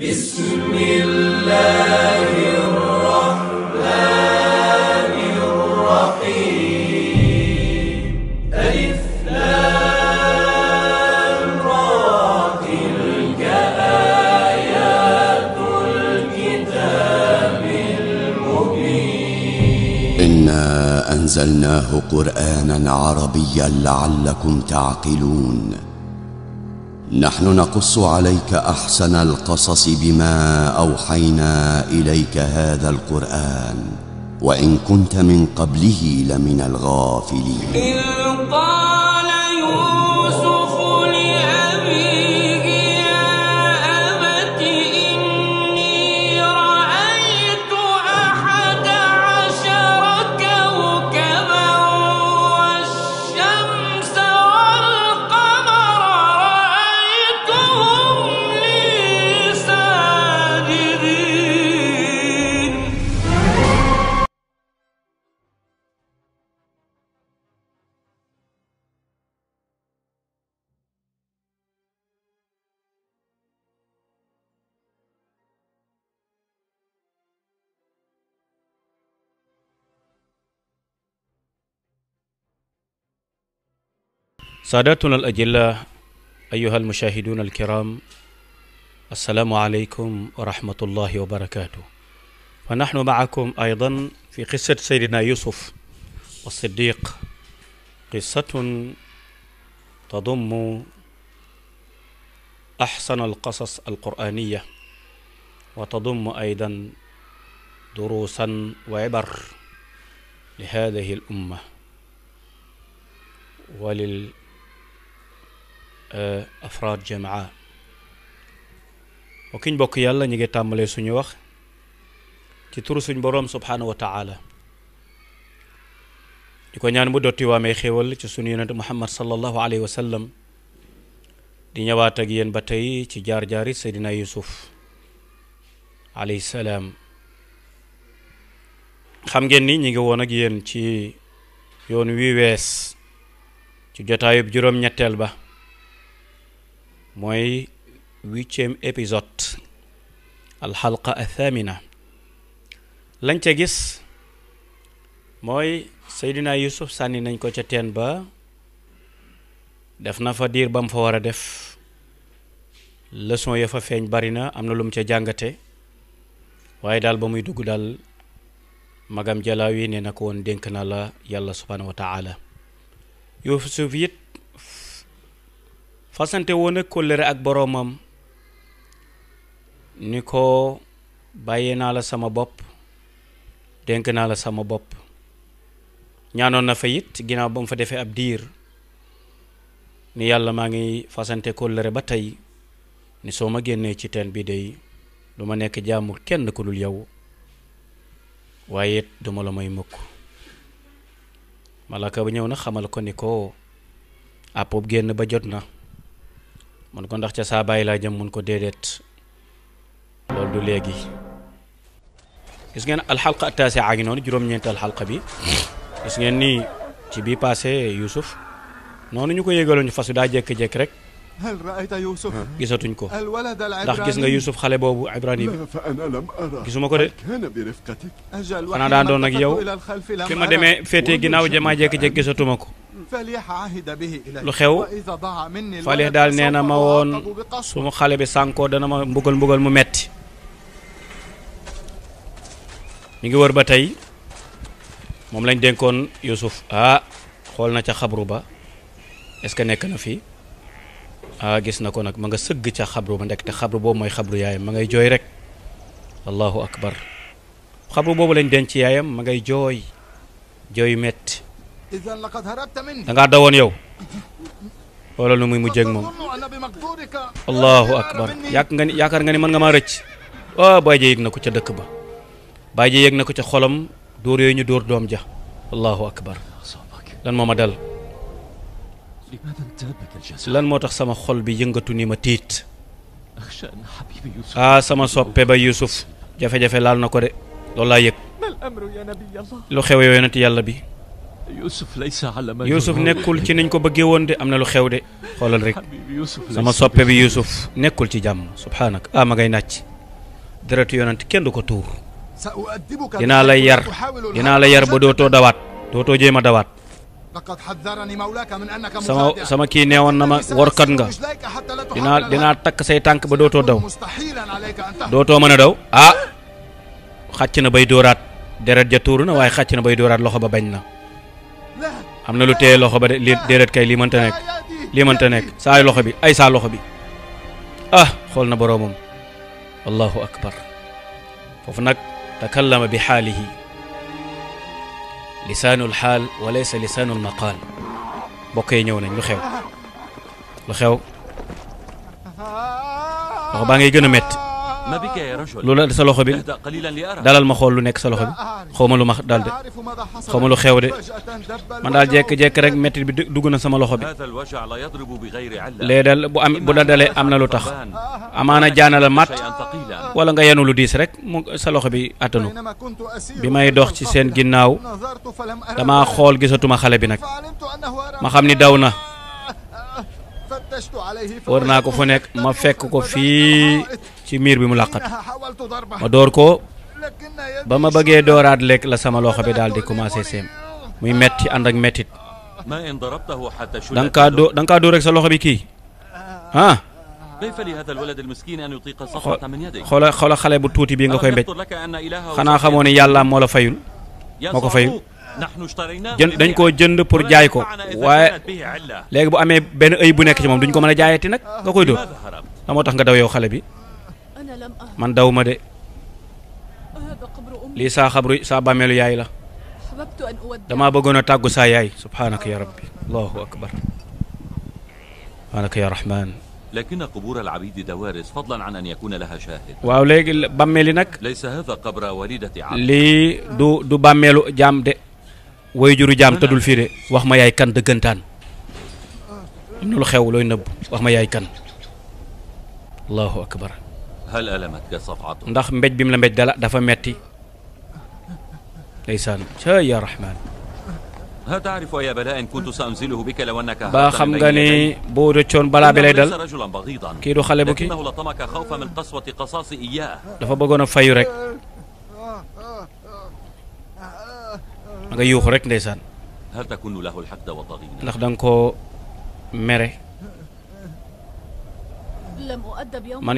بسم الله الرحمن الرحيم ألف لام را تلك آيات الكتاب المبين إنا أنزلناه قرآنا عربيا لعلكم تعقلون نحن نقص عليك أحسن القصص بما أوحينا إليك هذا القرآن وإن كنت من قبله لمن الغافلين saadaatuna al ajilla ayuha almushaahiduuna alkiram assalaamu aleykum wa rahmatullahi wa barakatuh fa naxnu maakum aydan fi qissat seydina yusuf wa siddiq qissatun tadummu axsan alqasas alqur'aniya wa tadummu aydan duruusan wa ibar li haadihi al umma wa lil Eh, afraad jamaa mbokk ñu bokk yàlla ñu ngi tàmbalee suñu wax ci turu suñ boroom subhaanahu wa taala di ko ñaan bu dotti waamee xéewal ci suñu yonent muhammad sallallahu alayhi wa sallam di ñëwaat ak yéen ba tey ci jaar-jaari seydina yusuf alayhi salaam xam ngeen ni ñu ngi woon ci yoon wi wees ci jotaayub juróom-ñetteel ba mooy huitième épisode alxalqa athamina lañ ca gis mooy Seydina Yusuf sànni nañ ko ca teen ba def na fa diir ba mu fa war a def leçon ya fa feeñ bari na am na lu mu ca jàngate waaye daal ba muy dugg daal magam jalaaw yi nee na ko woon dénk na la yàlla subhaanahu wa taala Yusuf fasante woon ak kóllëre ak boroomam ni ko bàyyee naa la sama bopp dénk naa la sama bopp ñaanoon na fa it ginnaaw ba fa defee ab diir ni yàlla maa ngi fasante kóllëre ba tey ni soo ma génnee ci teen bi day duma nekk jaamu kenn ku dul yow waaye it du la may mukk malaka ba ñëw na xamal ko ni ko àppob génn ba jot na mun ko ndax ca saa bàyyi laa jëm mun ko déedéet loolu du léegi gis ngeen alxalqa taasi a ngi noonu juróom-ñeenti alxalqa bi gis ngeen nii ci bii passé Youssouf noonu ñu ko yégaloon ñu fas daa jékki-jékki rek gisatuñ ko ndax gis nga Yuusuf xale boobu Ibrahim gisuma ko de xanaa daan doon ak yow fi ma demee féetee ginnaaw jamaa jékki-jékki gisatuma ko lu xew Falih daal nee na ma woon su xale bi sànkoo dana ma mbugal mbugal mu metti mu ngi wër ba tey moom lañ dénkoon Yuusuf ah xool na ca xabru ba est-ce que nekk na fii ah gis na ko nag ma nga sëgg ca xabru ba ndekk te xabru boobu mooy xabru yaayam ma ngay jooy rek allahu akbar boobu lañ denc yaayam ma ngay jooy jooy metti da ngaa dawoon yow wala nu muy mujjee ak moom allahu akbar nga ni yaakaar nga ni man nga maa rëcc ah baay na ko ca dëkk ba baay ja na ko ca xolam dóor yooyu ñu dóor doom ja allahu akbar lan moo ma dal lan moo tax sama xol bi yëngatu ni ma tiit ah sama soppe ba Yuusuf jafe-jafe laal na ko de loolu laa yëg lu xew yonent yàlla bi Yuusuf nekkul ci niñ ko bëggee woon de am na lu xew de xoolal rek sama soppe bi Yuusuf nekkul ci jàmm subhaanaka ah ma ngay nàcc deretu yonent kenn du ko tuur dinaa lay yar dinaa la yar ba dootoo dawaat dootoo jéem a dawaat sama sama kii neewoon na ma warkat nga dinaa dinaa takk say tànk ba dootoo daw dootoo mën a daw ah xàcc na bay dóoraat deret ja tuur na waaye xàcc na bay dóoraat loxo ba bañ na am na lu téye loxo ba de deret kay lii mënta nekk lii mënta nekk saa loxo bi ay saa loxo bi ah xool na boroomam allahu akbar foofu nag takallama bi xaalihi lisaanul xaal walaysa lisaanul maqaal mbokk yi ñëw nañ lu xew lu xew wax baa ngay gën a métti lu la sa loxo bi dalal ma xool lu nekk sa loxo bi xaw ma lu ma dal de xaw ma lu xew de man daal jekk-jekk rek métti bi dugg na sama loxo bi lee dal bu am bu la dalee am na lu tax amaana jaana la mat wala nga yenu lu diis rek mu sa loxo bi attanu bi may dox ci seen ginnaaw dama xool gisatuma xale bi nag ma xam ni daw na war naa ko fu nekk ma fekk ko fii ci miir bi mu làqat ma door ko ba ma bëggee dooraat lekk la sama loxo bi daal di commencé seem muy metti ànd ak mettit da nga kaa doo da kaa dóor sa loxo bi kii ah, ah. xoola xoola xale bu tuuti bii nga koy mbéj xanaa xamoo ne yàlla moo la fayul moo ko fayul jën dañ koo jënd pour jaay ko waaye léegi bu amee benn ëy bu nekk ci moom duñ ko mën a jaayati nag nga koy dóor la moo tax nga daw yow xale bi man daw ma de lii saa xabru saa bàmmeelu yaay la damaa bëggoon a tàggu saa yaay subhaanaka ya rabbi allahu akbar subhaanaka al abid nag laysa hadha qabra walidati lii jaam de way juru jaam tëddul fii de wax ma yaay kan dëggantaan am na lu xew looy nëbb wax ma yaay kan allahu akbar ndax mbéj bi mu la mbéj dala dafa metti ndeysaan ca ya rahmaan baa xam nga ni boo rëccoon balaa bi lay dal kii du xale bu kii dafa bëggoon a fayu rek nga yuuxu rek ndeysaan ndax da nga koo mere man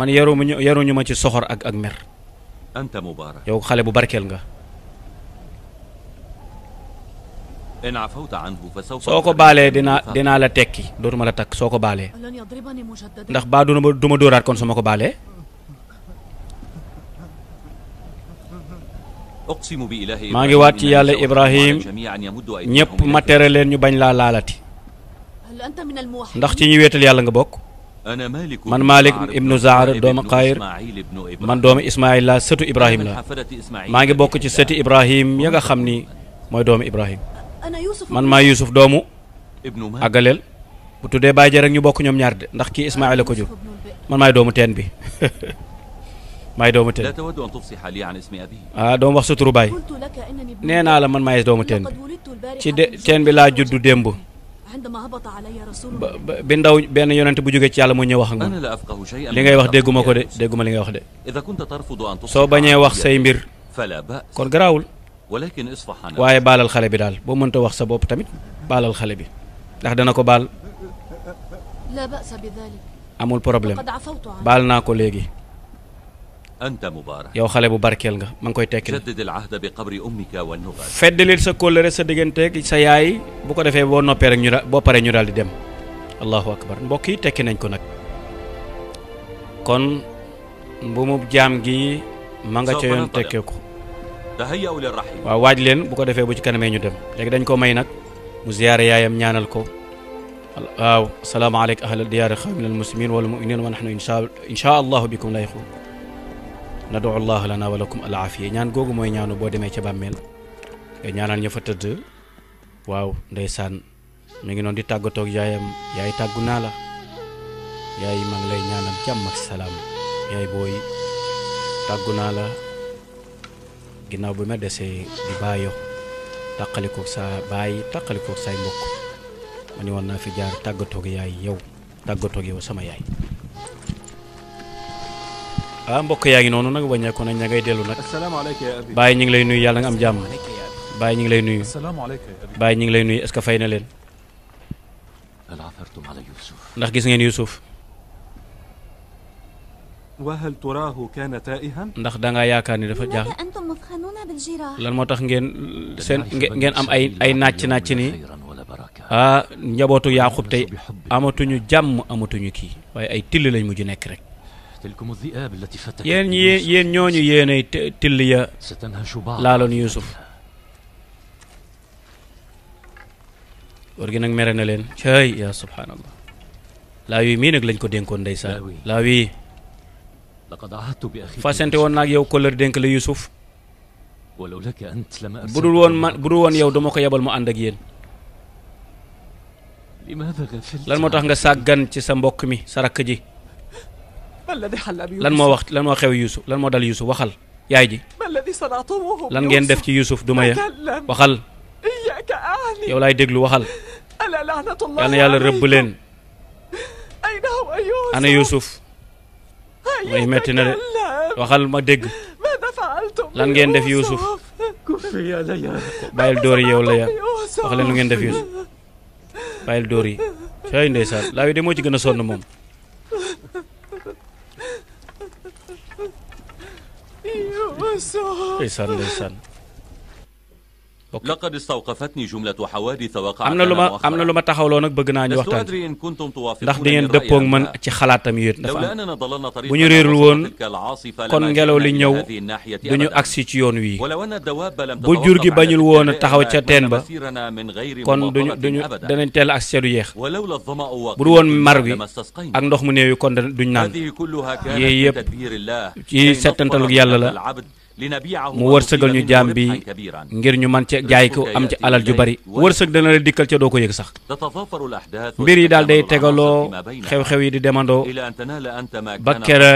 man yaruñu yaruñu ma ci soxor ak ak mer. anta xale bu barkeel nga. soo ko baalee dinaa dinaa la tekki dootuma la takk soo ko baalee. ndax baa du ma du ma dóoraat kon su ko baalee. maa ngi waat ci yàlla Ibrahim ñëpp ma tere leen ñu bañ laa laalati. ndax ci ñi wéetal yàlla nga bokk. man Malik ibnu Zaar doomu Xayr man doomu Ismaayil la sëtu Ibrahim la maa ngi bokk ci sëti Ibrahim ya nga xam ni mooy doomu Ibrahim man maa Yuusuf doomu àggaleel bu dee bàyyi ja rek ñu bokku ñoom ñaar de ndax kii Ismaayil la ko jur man maay doomu teen bi maay doomu teen ah doomu wax sa turu baay nee naa la man maay doomu teen bi ci de teen bi laa juddu démb ba bi ndaw benn yonent bu jógee ci yàlla mu ñëw wax ak moom li ngay wax dégguma ko de dégguma li ngay wax de soo bañee wax say mbir kon garaawul waaye baalal xale bi daal boo mënta wax sa bopp tamit baalal xale bi ndax dana ko baal amul problème baal naa ko léegi anta mubarak yow xale bu barkeel nga ma ngi koy tekki feddalil sa kóllëre sa digganteeg sa yaay bu ko defee boo noppee rek ñu daal boo paree ñu daal di dem allahu akbar mbokk yi tekki nañ ko nag kon mbuumub jaam gi ma nga ca yoon tekkee ko waaw waaj leen bu ko defee bu ci kanamee ñu dem léegi dañ ko may nag mu ziyaare yaayam ñaanal ko waaw asalaamaaleykum ahla diyaari xaw min al muslimin wal muminin wa nahnu insha allahu bikum layiqun nadu allahu lana walakum alaafiya ñaan googu mooy ñaanu boo demee ca bàmmeel eh, ñaanal ña fa tëdd waaw ndeysaan mu ngi noonu di tàggatoog yaayam yaay tàggu naa la yaay maa ngi lay ñaanal jàmm ak salaam yaay booy tàggu naa la ginnaaw bi ma desee di baayo tàqalikoog saa baay tàqalikoog saay mbokk ma ni woon naa fi jaar tàggatoog yaay yow tàggatoog yow sama yaay ah mbokk yaa ngi noonu nag wàññeeku nag ña ngay dellu nag bàyyi ñu ngi lay nuyu yàlla nga am jàmm bàyyi ñu ngi lay nuyu bàyyi ñu ngi lay nuyu est-ce que fay na leen ndax gis ngeen Yuusuf ndax da yaakaar ni dafa jaax lan moo tax ngeen seen ngeen am ay ay nàcc nàcc nii ah njabootu Yaaqub tey amatuñu jàmm amatuñu kii waaye ay till lañ mujj nekk rek. yéen ñi yéen ñooñu yéenay till ya laaloon Yuusuf góor gi nag mere na leen cay yaa subhaanallah laawi mii nag lañ ko dénkoon ndeysaan laawi fasante woon naag yow kóllër dénk la Yuusuf bu dul woon man bu dul woon yow dama ko yebal mu ànd ak yéen lan moo tax nga sàggan ci sa mbokk mi sa rakk ji lan moo wax lan moo xew Yuusuf lan moo dal Yuusuf waxal yaay ji lan ngeen def ci Yuusuf du ma ya waxal yow laay déglu waxal yal na yàlla rëbb leen ana Yuusuf mooy metti na de waxal ma dégg lan ngeen def Yuusuf bàyyil dóor yi yow la ya wax leen lu ngeen def Yuusuf bàyyil dóor yi cay ndeysaan laa wi de moo ci gën a sonn moom ndeysaan ndeysaan laqad istawqafatni jumlatu am na lu ma am na lu ma taxawloo nag bëgg naa ñu waxtaan ndax da ngeen dëppoog man ci xalaatam yéen dafa am bu ñu réerul woon kon ngelaw li ñëw du ñu agsi ci yoon wii bu jur gi bañul woon a taxaw ca teen ba kon duñu duñu danañ teel agsi ca du yeex bu du woon mar wi ak ndox mu néew yi kon duñ naan yii yëpp ci settantalug yàlla la mu wërsëgal ñu jaam bi ngir ñu man ci jaay ko am ci alal ju bari wërsëg dana la dikkal ca doo ko yëg sax mbir yi daal day tegaloo xew-xew yi di demandoo ba kera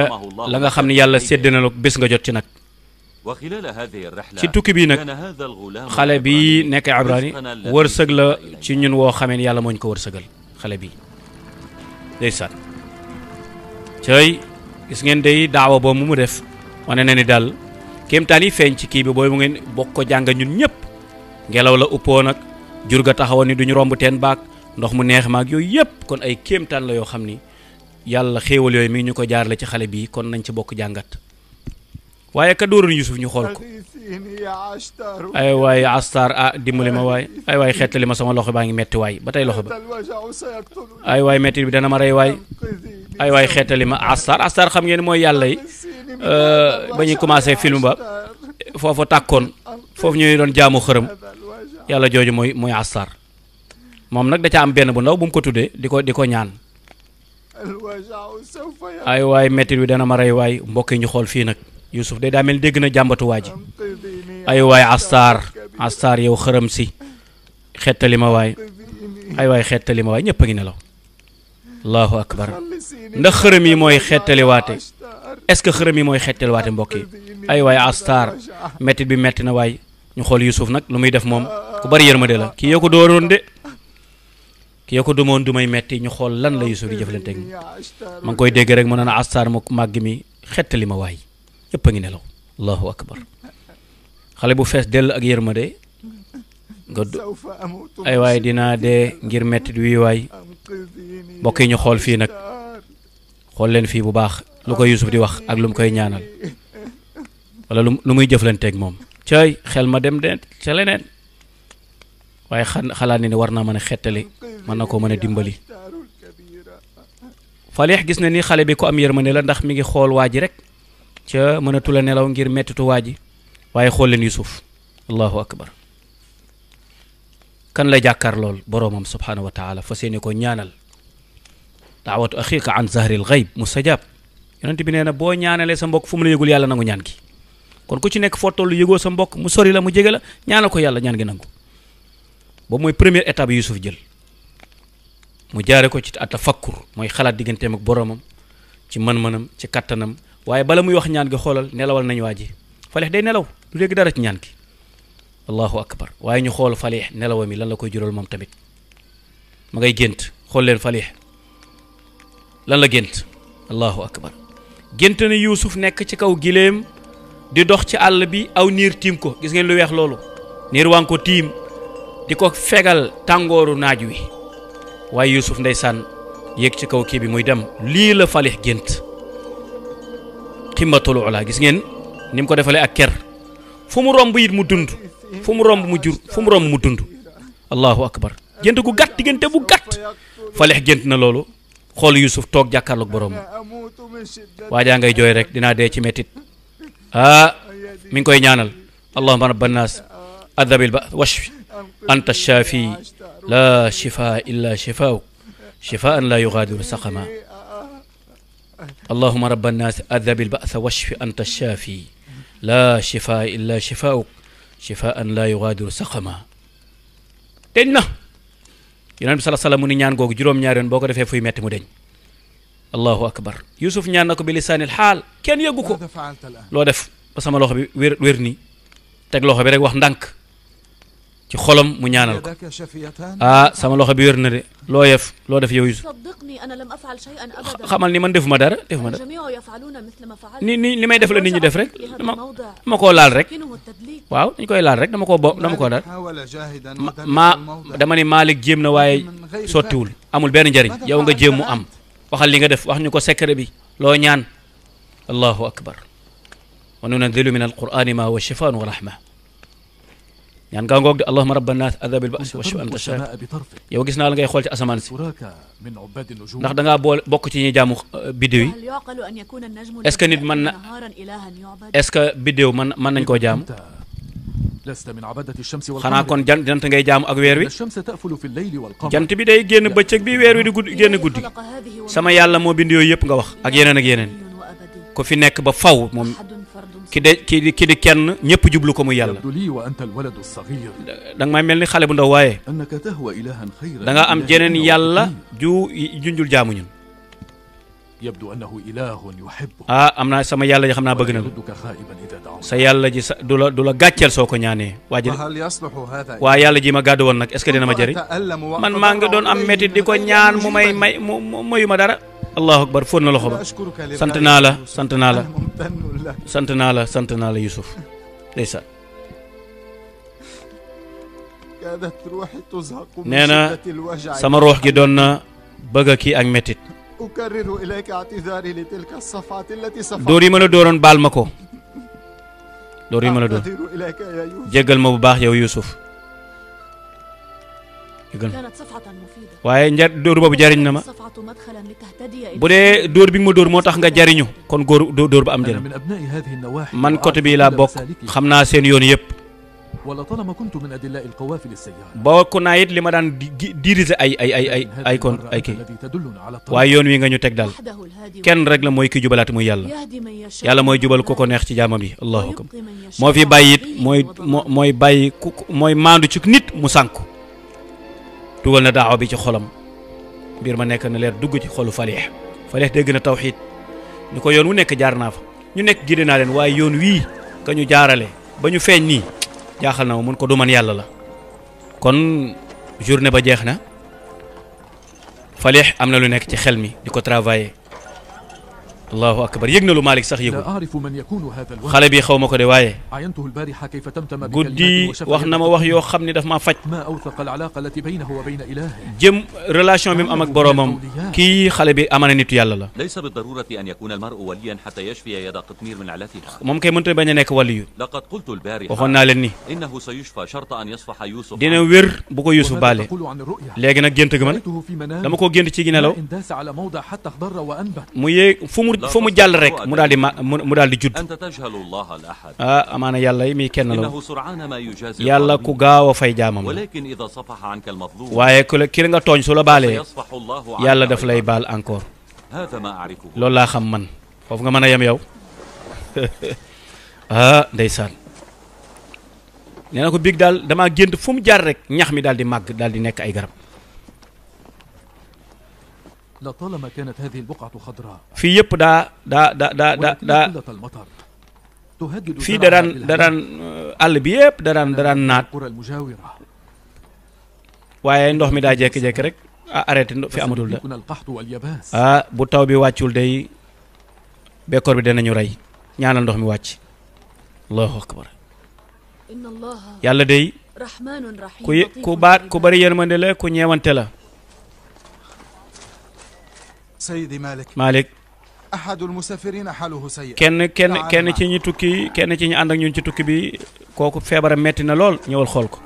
la nga xam ne yàlla sédd na la bés nga jot ci nag ci tukki bii nag xale bi nekk Ibrahima wërsëg la ci ñun woo xamee yàlla moo ñu ko wërsëgal xale bi ndeysaan cay gis ngeen day daawa boobu mu def wane na ni daal kéemtaan yi feeñ ci kii bi booy mu ngeen bokk ko jàng ñun ñëpp ngelaw la uppoo nag jur ga taxawoon ni duñu romb teen baag ndox mu neex maag yooyu yëpp kon ay kéemtaan la yoo xam ni yàlla xéewal yooyu mi ñu ko jaarale ci xale bi kon nañ ci bokk jàngat waaye ka dóoroon Yuusuf ñu xool ko ay waaye astar ah dimbali ma waay ay waay xeetali ma sama loxo baa ngi metti waay ba tey loxo ba ay waay bi dana ma rey waay ay waay ma astar xam ngeen mooy yàlla yi euh, ba ñuy commencé film ba foofu tàkkoon foofu ñu doon jaamu xërëm yàlla jooju mooy mooy astar moom nag da ca am benn bu ndaw bu mu ko tuddee di ko di ko ñaan ay waay metti bi dana ma rey waay mbokk yi ñu xool fii nag Youssouf day daa mel dégg na jàmbatu waa ji ay waay astaar astaar yow xërëm si xettali ma waay ay waay xettali ma waay ñëpp a ngi nelaw allahu akbar ndax xërëm yi mooy xetaliwaate est-ce que xërëm yi mooy xettaliwaate mbokk yi ay waay astaar métti bi metti na waay ñu xool Youssouf nag lu muy def moom ku bari yërmande ma kii yoo ko dooroon de ki yoo ko dumoon du may metti ñu xool lan la Youssouf di jëflanteeg ma ngi koy dégg rek mu naan astaar mu màgg mi xettali ma waay ñëpp a ngi nelaw allahu akbar xale bu fees dell ak yërmande nga ay waay dinaa dee ngir mettit wi waay mbokk yi ñu xool fii nag xool leen fii bu baax lu ko Yuusuf di wax ak lu mu koy ñaanal wala lu lu muy jëflanteeg moom cay xel ma dem de ca leneen waaye xan xalaat ne ni war naa mën a xettali mën na koo mën a dimbali Falih gis na ni xale bi ko am yërmande la ndax mi ngi xool waa rek ca mënatula nelaw ngir mettitu waa ji waaye xool leen Yuusuf allahu akbar kan la jàkkaar lool boroomam subhaanahu wa taala fa seeni ko ñaanal daawatu axiika an zahril gayb mustajab yonent bi nee na boo ñaanalee sa mbokk fu mu la yëgul yàlla ñaan gi kon ku ci nekk toll yëgoo sa mbokk mu sori la mu jege la ñaanal ko yàlla ñaan gi nangu ba mooy première étape Yuusuf jël mu jaare ko ci atafakkur mooy xalaat digganteem ak boroomam ci mën-mënam ci kàttanam waaye bala muy wax ñaan gi xoolal nelawal nañu waa ji faleex day nelaw du dégg dara ci ñaan gi allahu akbar waaye ñu xool faleex nelawam yi lan la koy juróol moom tamit mu ngay gént xool leen faleex lan la gént allahu akbar gént na yuusuf nekk ci kaw giléem di dox ci àll bi aw niir tiim ko gis ngeen lu weex loolu niir waa ko tiim di ko fegal tàngooru naaj wi waaye yuusuf ndeysaan yéeg ci kaw kii bi muy dem lii la faleex gént ximmatul ula gis ngeen ni ko defalee ak ker fu mu romb it mu dund fu mu romb mu jur fu mu romb mu dund allahu akbar gént gu gàtt diggante bu gàtt faleex gént na loolu xool Yuusuf toog boroom borom waajaa ngay jooy rek dinaa dee ci mettit ah mi ngi koy ñaanal allahuma rabba naas adabil ba washfi anta shaafi la shifaa illa shifaau shifaan la yugaadiru saqama allahuma rabba annaasi adabil basa washfi anta shaafi laa shifaa illa shifauk shifaan laa yugaadiru saqama deñ na yonent bi sala sallam mu ni ñaan googu juróom-ñaari yoon boo ko defee fuy metti mu deñ allahu akbar yusuf ñaan na ko bi lisaanil xaal kenn yëggu ko loo def ba sama loxo bi wér wér ni teg loxo bi rek wax ndànk ci xolam mu ñaanal ko ah, sama loxo bi wér na loo yef loo def yow Yusuf xamal ni man defuma dara defuma dara ni ni may def la nit ñi def rek dama dama koo laal rek waaw dañ koy laal rek dama koo bo dama koo daal ma dama ne Malick jéem na waaye sottiwul amul benn njariñ yow nga jéem mu am waxal li nga def wax ñu ko secret bi loo ñaan allahu akbar wa nunazzilu min alqurani ma huwa shifaan wa rahma ñaan gaa ngoog de allahuma rabba naas adhabil basi washu yow gis naa la ngay xool ci asamaan si ndax dangaa boole bokk ci ñi jaamu uh, biddew yi est nit mën na est biddew mën nañ koo jaamu xanaa kon jant ngay jaamu ak weer wi jant bi day génn bëccëg bi weer wi di gudd génn guddi sama yàlla moo bind yooyu yëpp nga wax ak yeneen ak yeneen ku fi nekk ba faw moom ki de ki ki di kenn ñëpp jublu ko muy yàlla da nga may mel ni xale bu ndaw waaye da nga am jeneen yàlla ju junjul jaamu ñun yabdu annahu ilahun yuhibbu ah am naa sama yàlla ji xam naa bëgg na la sa yàlla ji sa du la du la gàcceel soo ko ñaanee waa ji waa yàlla ji ma gàddu woon nag est-ce que dina ma jëriñ man maa ngi doon am métit di ko ñaan mu may may mu mayu ma dara allahu akbar fóon na loxo ba sant naa la sant naa la sant naa la sant naa la Yusuf ndeysaan nee na sama ruux gi doon na bëgg a kii ak métit أكرر إليك اعتذاري لتلك الصفعة التي صفعت dóor yi ma la dóoroon baal ma ko dóor yi ma la doon jéggal ma bu baax yow Yuusuf jéggal ma waaye nja dóor boobu jariñ na ma bu dee dóor bi nga ma dóor moo tax nga jariñu kon góor dóor ba am njëriñ man côté bi laa bokk xam naa seen yoon yëpp ولطالما كنت من أدلاء القوافل السيارة bokk naa it li ma daan diriger ay ay ay ay ay kon ay kii waaye yoon wi nga ñu teg daal kenn rek la mooy ki jubalaat muy yàlla yàlla mooy jubal ku ko neex ci jaamam yi allahu akbar moo fi bàyyi it mooy mooy bàyyi ku mooy maandu ci nit mu sànku dugal na daawa bi ci xolam mbir ma nekk na leer dugg ci xolu Falih Falih dégg na tawxiid ñu ko yoon wu nekk jaar naa fa ñu nekk gide naa leen waaye yoon wii ka ñu jaarale ba ñu feeñ nii jaaxal na mun ko du yàlla la kon journée ba jeex na falix am na lu nekk ci xel mi di ko travailler allahu akbar yëg na lu Malick sax yëgul xale bi xaw ma ko de waaye guddi wax na ma wax yoo xam ne daf maa faj jëm relation bi mu am ak boroomam kii xale bi amana nitu yàlla la moom kay mënut a bañ a nekk waliyu waxoon naa leen ni dina wér bu ko Yuusuf baale léegi nag gént gi man dama koo gént ci gi nelaw mu yéeg fu mu fu mu jàll rek mu daal di ma mu daal di judd ah amaana yàlla yi muy kenn la yàlla ku gaaw a fay jaamam la waaye ku la ki la nga tooñ su la baalee yàlla daf lay baal encore lool laa xam man foofu nga mën a yem yow ah ndeysaan nee na ko big daal damaa gént fu mu jaar rek ñax mi daal di màgg daal di nekk ay garab. لطالما كانت هذه fii yëpp daa daa daa daa daa fii daraan daraan àll bi yëpp daraan daraan naat waaye ndox mi daa jékki-jékki rek ah arrêté fi amatul da ah bu taw bi wàccul day bekkoor bi danañu rey ñaanal ndox mi wàcc allahu akbar yàlla day ku ku baat ku bari yërmande la ku ñeewante la Sayyidi Malick Malick ahadul musafirin haluhu sayyi kenn kenn kenn ci ñi tukki kenn ci ñi ànd ak ñun ci tukki bi kooku feebara metti na lool ñëwal xool ko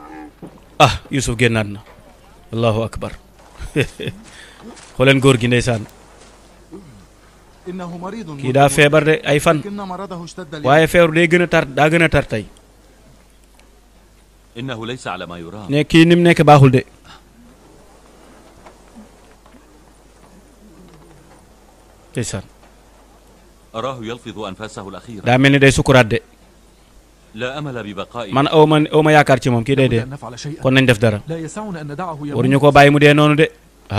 ah Youssouf génnaat na allahu akbar xooleen góor gi ndeysaan kii daa feebar de ay fan waaye feebar day gën a tar daa gën a tar tey ne kii ni mu nekk baaxul de ndeysaan araahu yalfidu anfasahu al-axiira daa mel ni day sukuraat de la amala bi baqaa'i man aw ma aw ma yaakaar ci moom kii day dee kon nañ def dara waruñu koo bàyyi mu dee noonu de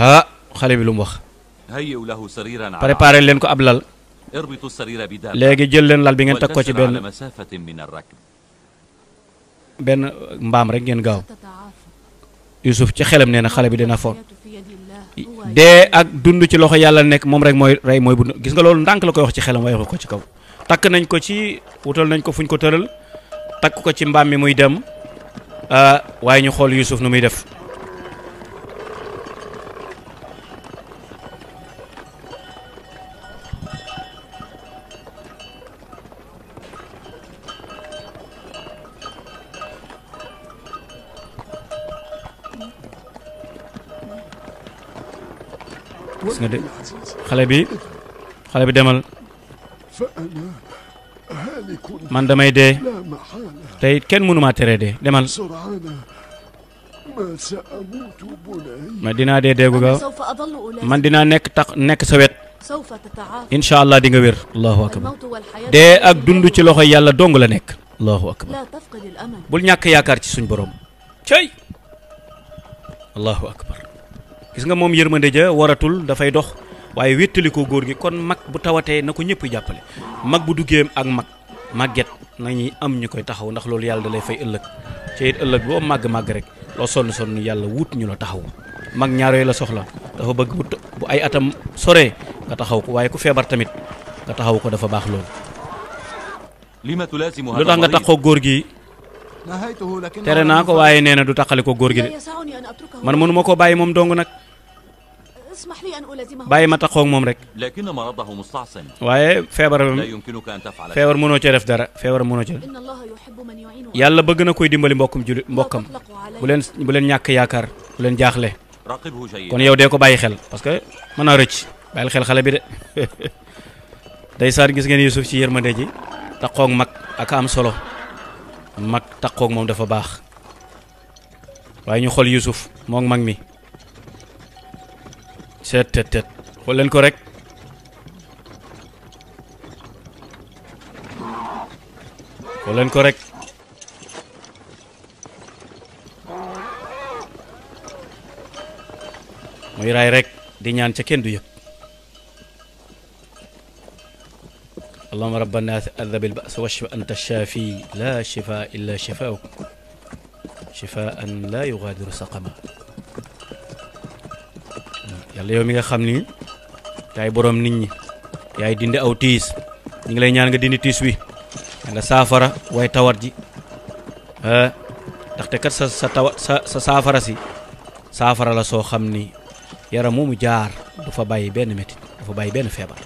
ah xale bi lu mu wax hayyi'u lahu sariiran préparé leen ko ab lal irbitu as-sariira bi daabba léegi jël leen lal bi ngeen teg ko ci benn benn mbaam rek ngeen gaaw Yusuf ci xelam nee xale bi dina foon de ak dund ci loxo yàlla nekk moom rek mooy rey mooy bu gis nga loolu ndànk la koy wax ci xelam waxee ko ci kaw takk nañ ko ci wutal nañ ko fu ñu ko tëral takk ko ci mbaam mi muy dem ah, waaye ñu xool Yuusuf nu muy def gis nga de xale bi xale bi demal man damay dee tey kenn mënuma tere dee demal ma dinaa dee dee gu man dinaa nekk tax nekk sa wet incha allah di wér dee ak dund ci loxo yàlla dong la nekk bul ñàkk yaakaar ci suñ borom cey allahu akbar gis nga moom yërmande ja waratul dafay dox waaye wéttali ko góor gi kon mag bu tawatee na ko ñëpp jàppale mag bu duggee ak mag màgget na nañuy am ñu koy taxaw ndax loolu yàlla da lay fay ëllëg ci it ëllëg boo màgg-màgg rek loo sonn sonn yàlla wut ñu la taxaw mag ñaar la soxla dafa bëgg bu ay atam sore nga taxaw ko waaye ku feebar tamit nga taxaw ko dafa baax loolu lu tax nga taxoo góor gi tere naa ko waaye nee na du taxale ko góor gi de man mënu ma koo bàyyi moom dong nag bàyyi ma taxoo moom rek waaye feebar feebar mënoo cee def dara feebar mënoo cee def yàlla bëgg na koy dimbali mbokkum jullit mbokkam bu leen bu leen ñàkk yaakaar bu leen jaaxle kon yow dee ko bàyyi xel parce que mën naa rëcc bàyyil xel xale bi de day saar gis ngeen Yuusuf ci yërmande ji taxoo mag ak am solo mag taqoog moom dafa baax waaye ñu xool Yuusuf moom mag mi seet tet tet xool ko rek xool ko rek muy raay rek di ñaan ca kenn du yëg اللهم رب الناس أذب البأس واشف أنت الشافي لا شفاء إلا شفاؤك شفاء لا يغادر سقما yàlla yow mi nga xam ni yaay boroom nit ñi yaay dindi aw tiis ñu ngi lay ñaan nga dindi tiis wi nga saafara way tawat ji ndaxte kat sa sa tawat sa sa saafara si saafara la soo xam ni yaram moomu jaar du fa bàyyi benn métit du fa bàyyi benn feebar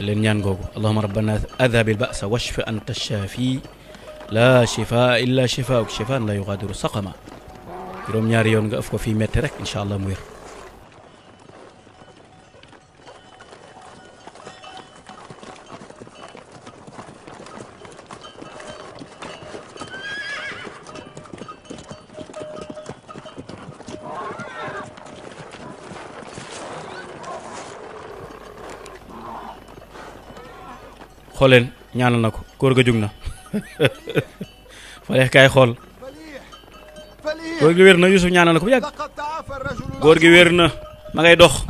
leen ñaan googu allahuma rabbana adhabil ba'sa washfi anta shaafi laa shifaa illa shifaa'uk shifaan laa yughadiru saqama juróom ñaari yoon nga af ko fii metti rek incha allah mu wér ñaanal na ko góor ga jug na faleex kaay xool góor gi wér na Yuusuf ñaanal na ko bu yàgg góor gi wér na ma ngay dox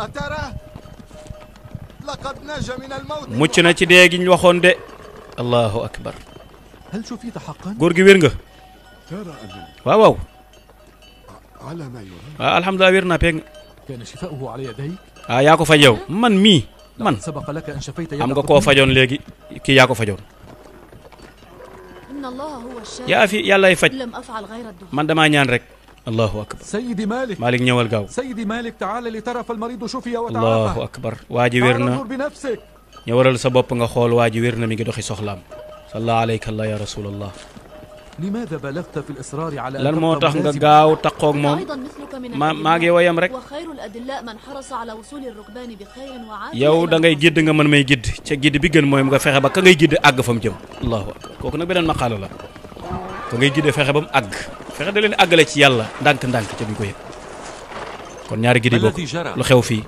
mucc na ci dee gi waxoon de allahu akbar góor gi wér nga waaw waaw waaw alhamdulilah wér naa peeg nga ah yaa ko faj yow man mii man am nga koo fajoon léegi kii yaa ko fajoon yaa fi yàllaay faj man damaa ñaan rek allahu akbar Malick ñëwal gaaw allahu akbar waa ji wér na ñëwaral sa bopp nga xool waa ji wér na mi ngi doxi soxlaam salla alayka allah ya rasulallah lan moo tax nga gaaw taqoog moom ma maa ngi woyam rek yow dangay ngay gidd nga mën may gidd ca gidd bi gën mooy nga fexe ba ka ngay gidd àgg fa mu jëm kooku nag beneen maqaala la ka ngay gidde fexe ba mu àgg fexe da leen àggale ci yàlla ndànk-ndànk ca duñ ko yëg kon ñaari giddi bokk lu xew fii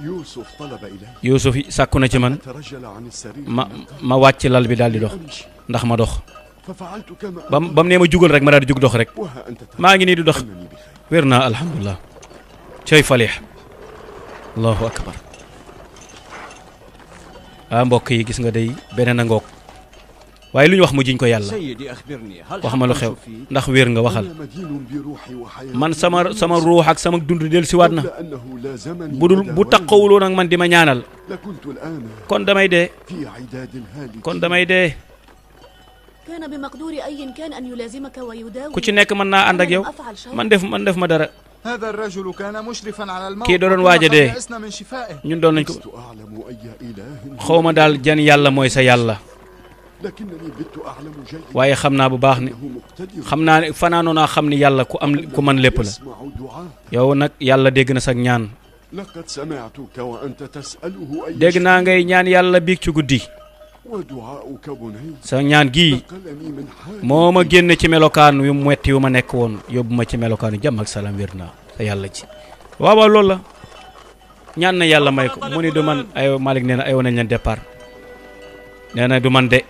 yuusuf sàkku na ci man ma ma wàcc lal bi daal di dox ndax ma dox ba mu nee ma jugal rek ma daal di jug dox rek maa ngi nii di dox wér naa alhamdulilah cay falix allahu akbar ah mbokk yi gis nga day beneen a ngoog waaye lu ñu wax mu jiñ ko yàlla wax ma lu xew ndax wér nga waxal man sama sama ruux ak sama dund del siwaat na bu dul bu taqawuloon ak man di ma ñaanal kon damay dee kon damay de ku ci nekk mën naa ànd ak yow man def dara man def ma dara kii doon waaja dee ñun doon nañ ko xaw ma daal jan yàlla mooy sa yàlla waaye xam naa bu baax ne xam naa ne fanaanoo naa xam ni yàlla ku am ku man lépp la yow nag yàlla dégg na sag ñaan dégg naa ngay ñaan yàlla biig ci guddi sa ñaan gii moo ma génn ci melokaan yu metti ma nekk woon yóbbu ma ci melokaan yu jàmm ak salaam wér naa sa yàlla ji waaw waaw la ñaan na yàlla may ko mu ni du man ay Malick nee na ayoo nañ leen départ nee na du man de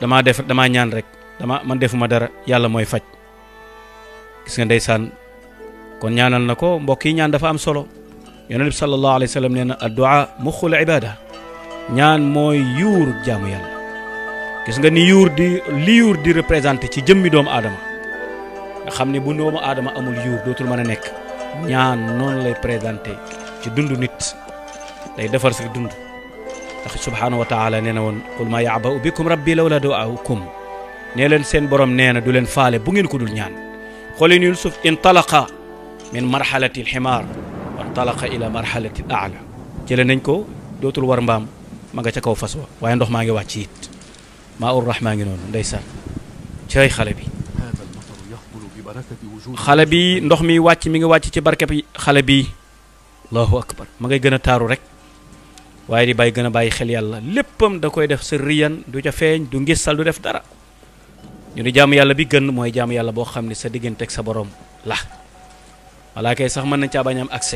damaa def damaa ñaan rek dama man defuma dara yàlla mooy faj gis nga ndeysaan kon ñaanal na ko mbokk yi ñaan dafa am solo yonent bi sallallahu alayhi wa sallam nee na addu'a muxul ibada ñaan mooy yuur jaamu yàlla gis nga ni yuur di li yuur di représenté ci jëmmi doomu aadama nga xam ne bu doomu aadama amul yuur dootul mën a nekk ñaan noonu lay présenté ci dund nit day defar sa dund ndax subhaanahu wa taala nee na woon qul ma ya'ba'u bikum rabbi lawla du'aakum nee leen seen borom nee na du leen faale bu ngeen ko dul ñaan xoolin yusuf intalaqa min marxalati alximaar wa intalaqa ila marxalati al ala jële nañ ko dootul war mbaam ma nga ca kaw fas wa waaye ndox maa ngi wàcc it maa ur maa ngi noonu ndeysaan cay xale bi xale bi ndox mi wàcc mi ngi wàcc ci barke bi xale bi allahu akbar ma ngay gën a taaru rek waaye di bàyyi gën a bàyyi xel yàlla léppam da koy def sa riyan du ca feeñ du ngistal du def dara ñu ni jaamu yàlla bi gën mooy jaamu yàlla boo xam ne sa diggante ak sa boroom la walla kay sax mën nañ caa bañ am ndax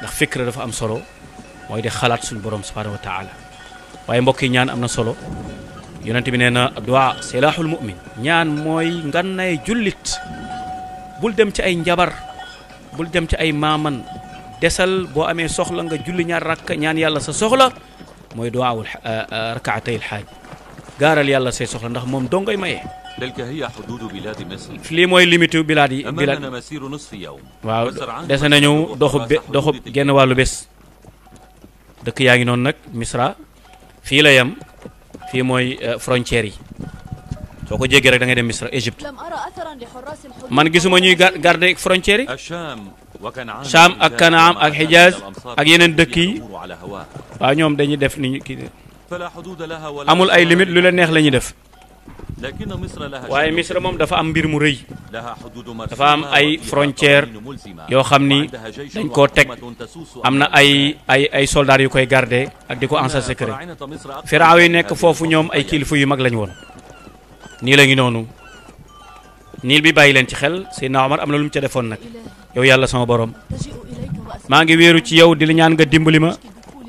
ndax fikra dafa am solo mooy de xalaat suñu borom subhanahu wa taala waaye mbokk yi ñaan am na solo yonent bi nee na duwaa silaaxul mu'min ñaan mooy ngan nay jullit bul dem ci ay njabar bul dem ci ay maaman desal boo amee soxla nga julli ñaar rakk ñaan yàlla sa soxla mooy duwaawul eh, eh, rakaatayil xaaj gaaral yàlla say soxla ndax moom dongay mayee lii mooy limitu bilaad yi bilaad waaw dese nañu doxub doxub genn wàllu bés dëkk yaa ngi noonu nag Misra fii la yem fii mooy eh, frontière yi soo ko jéggee rek da ngay dem Misra Égypte man gisuma ñuy garder frontière yi Saam ak Kanaam ak Xijaaz ak yeneen dëkk yi waaw ñoom dañuy def ni ñu kii amul ay limite lu leen neex lañuy ñuy def waaye Misra moom dafa am mbir mu rëy dafa am ay frontière yoo xam ni dañ koo teg am na ay ay ay soldats yu koy garde ak di ko en secret firaaw yi nekk foofu ñoom ay kilifa yu mag lañu woon nii la noonu niil bi bàyyi leen ci xel Seydina Omar am na lu mu ca defoon nag yow yàlla sama borom maa ngi wéeru ci yow di la ñaan nga dimbali ma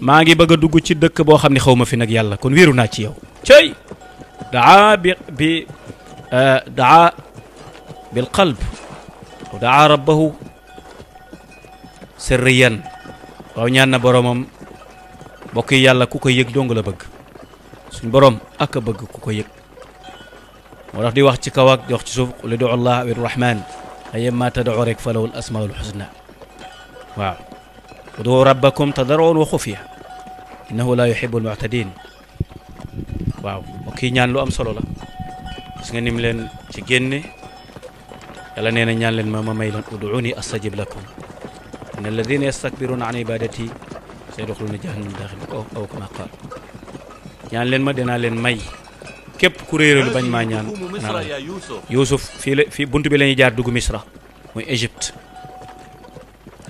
maa ngi bëgg a dugg ci dëkk boo xam ne xawma ma fi nag yàlla kon wéeru naa ci yow cey daa bi bi eh, daa bil qalb daa rabbahu sirriyan waaw ñaan na boromam mbokk yi yàlla ku ko yëg dong la bëgg suñ borom ak bëgg ku ko yëg moo tax di wax ci kaw di wax ci suuf li du allah wir rahman ayyama tad'u rek falahul asmaul husna waaw ud'u rabbakum tadarruan wa xufiya innahu la yuhibbul mu'tadin waaw moo kii ñaan lu am solo la gis nga nim ci génne yàlla nee na ñaan leen ma ma may leen ud'uuni astajib lakum in alladina yastakbiruna an ibadati sayadxuluna jahannama daxil aw kama qaal ñaan leen ma dinaa leen may képp ku réeralu bañ maa ñaan naa la Yuusuf fii la fii bunt bi lañuy ñuy jaar dugg Misra muy Égypte